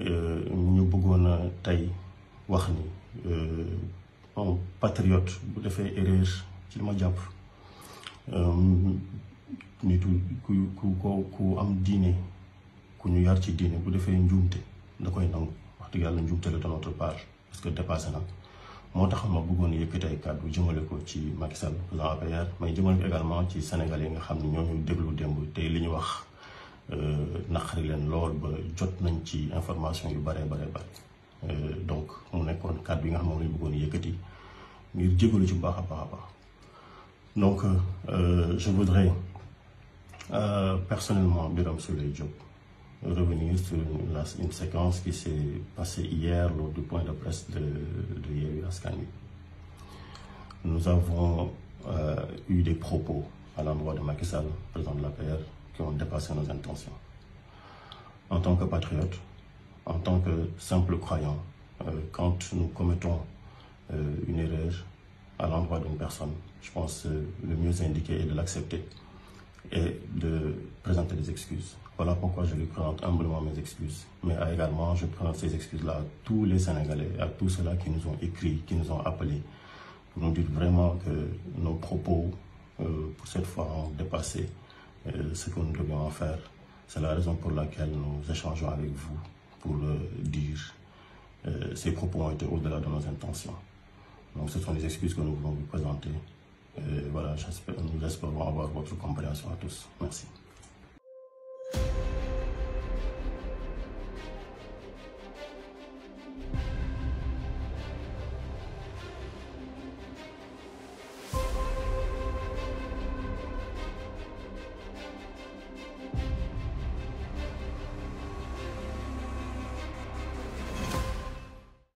Euh, ñu bëggoon a tey wax ni euh, un patriote bu defee erreur ci li ma jàpp euh, nitu ku ku ku am diine ku ñu yar ci diine bu defee njuumte da koy nangu wax yàlla njuumte la de notre part parce que dépassé na moo tax ma bëggoon yëkkati ay kàddu jëmale ko ci Macky Sall président APR may jëmale ko également ci Sénégal yi nga xam ne ñoo ñu déglu démb tey li ñu wax. Euh, naqari leen lool ba jot nañ ci information yu bare bare bare euh, donc mu nekkoon kàddu bi nga xam moom lañ bëggoon yëkkati ngir jégalu ci baax a baax a baax donc euh, je voudrais euh, personnellement Biram Souleye Diop revenir sur la, une séquence qui s'est passée hier lors du point de presse de, de Yewwi Askan Wi nous avons euh, eu des propos à l'endroit de Macky Sall, président de l'APR qui ont dépassé nos intentions. En tant que patriote, en tant que simple croyant, euh, quand nous commettons euh, une erreur à l'endroit d'une personne, je pense que euh, le mieux indiqué est de l'accepter et de présenter des excuses. Voilà pourquoi je lui présente humblement mes excuses. Mais également, je présente ces excuses-là à tous les Sénégalais, à tous ceux-là qui nous ont écrit, qui nous ont appelés, pour nous dire vraiment que nos propos, pour cette fois, ont dépassé ce que nous devons faire. C'est la raison pour laquelle nous échangeons avec vous pour le dire. ces propos ont été au-delà de nos intentions. Donc ce sont les excuses que nous voulons vous présenter. voilà, nous espérons avoir votre compréhension à tous. Merci.